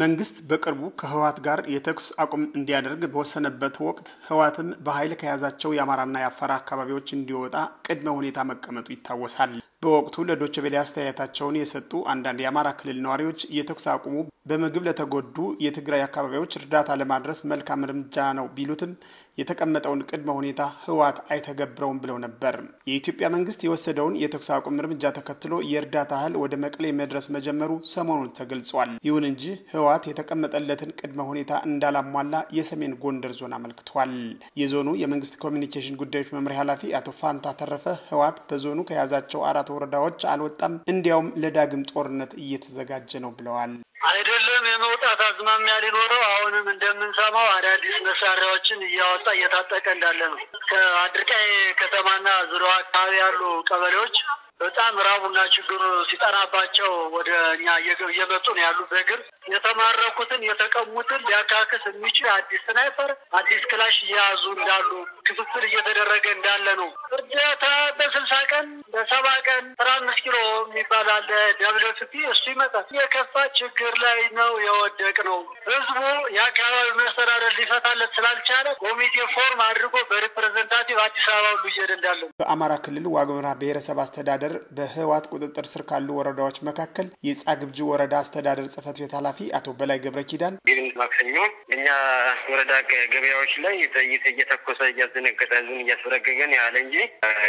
መንግስት በቅርቡ ከህወሀት ጋር የተኩስ አቁም እንዲያደርግ በወሰነበት ወቅት ህወሀትም በኃይል ከያዛቸው የአማራና የአፋር አካባቢዎች እንዲወጣ ቅድመ ሁኔታ መቀመጡ ይታወሳል። በወቅቱ ለዶቼ ቬለ አስተያየታቸውን የሰጡ አንዳንድ የአማራ ክልል ነዋሪዎች የተኩስ አቁሙ በምግብ ለተጎዱ የትግራይ አካባቢዎች እርዳታ ለማድረስ መልካም እርምጃ ነው ቢሉትም የተቀመጠውን ቅድመ ሁኔታ ህወሓት አይተገብረውም ብለው ነበር። የኢትዮጵያ መንግስት የወሰደውን የተኩስ አቁም እርምጃ ተከትሎ የእርዳታ እህል ወደ መቀሌ መድረስ መጀመሩ ሰሞኑን ተገልጿል። ይሁን እንጂ ህወሓት የተቀመጠለትን ቅድመ ሁኔታ እንዳላሟላ የሰሜን ጎንደር ዞን አመልክቷል። የዞኑ የመንግስት ኮሚኒኬሽን ጉዳዮች መምሪያ ኃላፊ አቶ ፋንታ ተረፈ ህወሓት በዞኑ ከያዛቸው አራት ወረዳዎች አልወጣም፣ እንዲያውም ለዳግም ጦርነት እየተዘጋጀ ነው ብለዋል። አይደለም የመውጣት አዝማሚያ ሊኖረው አሁንም እንደምንሰማው አዳዲስ መሳሪያዎችን እያወጣ እየታጠቀ እንዳለ ነው። ከአድርቃይ ከተማና ዙሪያ አካባቢ ያሉ ቀበሌዎች በጣም ራቡና ችግሩ ሲጠናባቸው ወደ እኛ እየመጡ ነው ያሉ። በግር የተማረኩትን የተቀሙትን ሊያካክስ የሚችል አዲስ ስናይፐር፣ አዲስ ክላሽ እየያዙ እንዳሉ ክፍፍል እየተደረገ እንዳለ ነው። እርዳታ ሰባ ቀን አስራ አምስት ኪሎ የሚባል አለ ደብለስፒ እሱ ይመጣል። የከፋ ችግር ላይ ነው የወደቅ ነው። ህዝቡ የአካባቢ መስተዳደር ሊፈታለት ስላልቻለ ኮሚቴ ፎርም አድርጎ በሪፕሬዘንታቲቭ አዲስ አበባ ሁሉ እየሄደ እንዳለ በአማራ ክልል ዋግምራ ብሔረሰብ አስተዳደር በህወሓት ቁጥጥር ስር ካሉ ወረዳዎች መካከል የጻግብጂ ወረዳ አስተዳደር ጽህፈት ቤት ኃላፊ አቶ በላይ ገብረ ኪዳን ማክሰኞ እኛ ወረዳ ገበያዎች ላይ ጥይት እየተኮሰ እያዘነገጠ ህዝብን እያስበረገገን ያለ እንጂ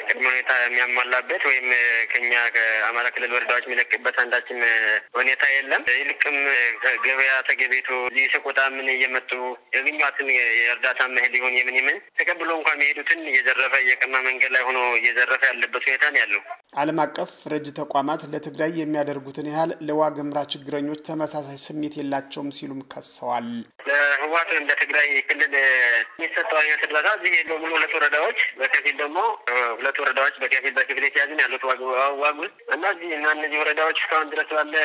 ቅድመ ሁኔታ የሚያሟላበት ወረዳዎች ወይም ከኛ ከአማራ ክልል ወረዳዎች የሚለቅበት አንዳችም ሁኔታ የለም። ይልቅም ገበያ ተገቤቱ ሰቆጣ ምን እየመጡ ያገኟትን የእርዳታ መሄድ ይሁን የምን ይምን ተቀብሎ እንኳ መሄዱትን እየዘረፈ እየቀማ መንገድ ላይ ሆኖ እየዘረፈ ያለበት ሁኔታ ነው ያለው። ዓለም አቀፍ ረጅ ተቋማት ለትግራይ የሚያደርጉትን ያህል ለዋግምራ ችግረኞች ተመሳሳይ ስሜት የላቸውም ሲሉም ከሰዋል። ለህዋት ወይም ለትግራይ ክልል የሚሰጠው አይነት እርዳታ እዚህ የለውም። ሁለት ወረዳዎች በከፊል ደግሞ ሁለት ወረዳዎች በከፊል በክፍል የተያዝን ያሉት ዋግ ውስጥ እና እዚህ እና እነዚህ ወረዳዎች እስካሁን ድረስ ባለ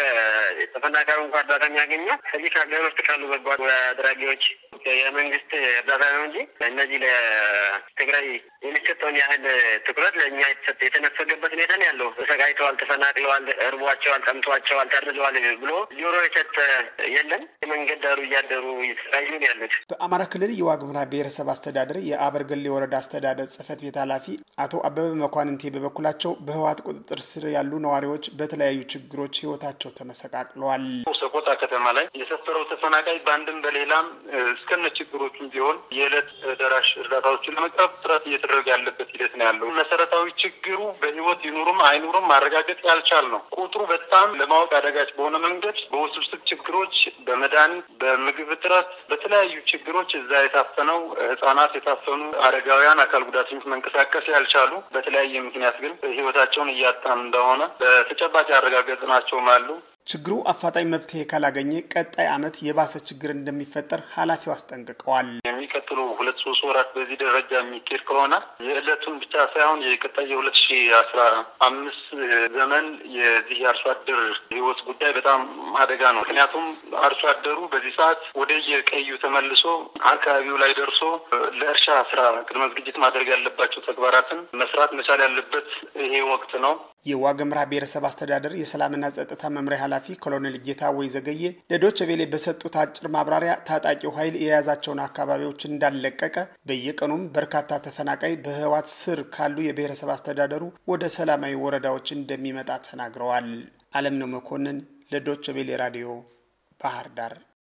ተፈናቃዩ እንኳ እርዳታ የሚያገኘው ከዚህ ከሀገር ውስጥ ካሉ በጎ አድራጊዎች የመንግስት እርዳታ ነው እንጂ እነዚህ ለትግራይ የሚሰጠውን ያህል ትኩረት ለእኛ የተነፈገበት ሁኔታ ነው ያለው። ተሰቃይተዋል፣ ተፈናቅለዋል፣ እርቧቸዋል፣ ጠምቷቸዋል፣ ተርዘዋል ብሎ ጆሮ የሰጠ የለም። የመንገድ ዳሩ እያደሩ እየተሰቃዩ ነው ያሉት። በአማራ ክልል የዋግምራ ብሔረሰብ አስተዳደር የአበርገሌ ወረዳ አስተዳደር ጽህፈት ቤት ኃላፊ አቶ አበበ መኳንንቴ በበኩላቸው በህወሓት ቁጥጥር ስር ያሉ ነዋሪዎች በተለያዩ ችግሮች ህይወታቸው ተመሰቃቅለዋል። ሰቆጣ ከተማ ላይ የሰፈረው ተፈናቃይ በአንድም በሌላም እስከነ ችግሮቹም ቢሆን የዕለት ደራሽ እርዳታዎችን ለመቅረብ ጥረት እየተደረገ ያለበት ሂደት ነው ያለው። መሰረታዊ ችግሩ በህይወት ይኑሩም አይኑሩም ማረጋገጥ ያልቻል ነው። ቁጥሩ በጣም ለማወቅ አዳጋች በሆነ መንገድ በውስብስብ ችግሮች፣ በመድኃኒት፣ በምግብ እጥረት፣ በተለያዩ ችግሮች እዛ የታፈነው ህጻናት፣ የታፈኑ አረጋውያን፣ አካል ጉዳተኞች መንቀሳቀስ ያልቻሉ በተለያየ ምክንያት ግን ህይወታቸውን እያጣን እንደሆነ በተጨባጭ አረጋገጥናቸውም አሉ። ችግሩ አፋጣኝ መፍትሄ ካላገኘ ቀጣይ ዓመት የባሰ ችግር እንደሚፈጠር ኃላፊው አስጠንቅቀዋል። የሚቀጥሉ ሁለት ሶስት ወራት በዚህ ደረጃ የሚካሄድ ከሆነ የዕለቱን ብቻ ሳይሆን የቀጣይ የሁለት ሺ አስራ አምስት ዘመን የዚህ የአርሶ አደር ህይወት ጉዳይ በጣም አደጋ ነው። ምክንያቱም አርሶ አደሩ በዚህ ሰዓት ወደ የቀዩ ተመልሶ አካባቢው ላይ ደርሶ ለእርሻ ስራ ቅድመ ዝግጅት ማድረግ ያለባቸው ተግባራትን መስራት መቻል ያለበት ይሄ ወቅት ነው። የዋገምራ ብሔረሰብ አስተዳደር የሰላምና ጸጥታ መምሪያ ኃላፊ ኮሎኔል ጌታ ወይ ዘገየ ለዶቼ ቬለ በሰጡት አጭር ማብራሪያ ታጣቂው ኃይል የያዛቸውን አካባቢዎች እንዳለቀቀ፣ በየቀኑም በርካታ ተፈናቃይ በህወሓት ስር ካሉ የብሔረሰብ አስተዳደሩ ወደ ሰላማዊ ወረዳዎች እንደሚመጣ ተናግረዋል። አለም ነው መኮንን ለዶቼ ቬለ ራዲዮ ባህር ዳር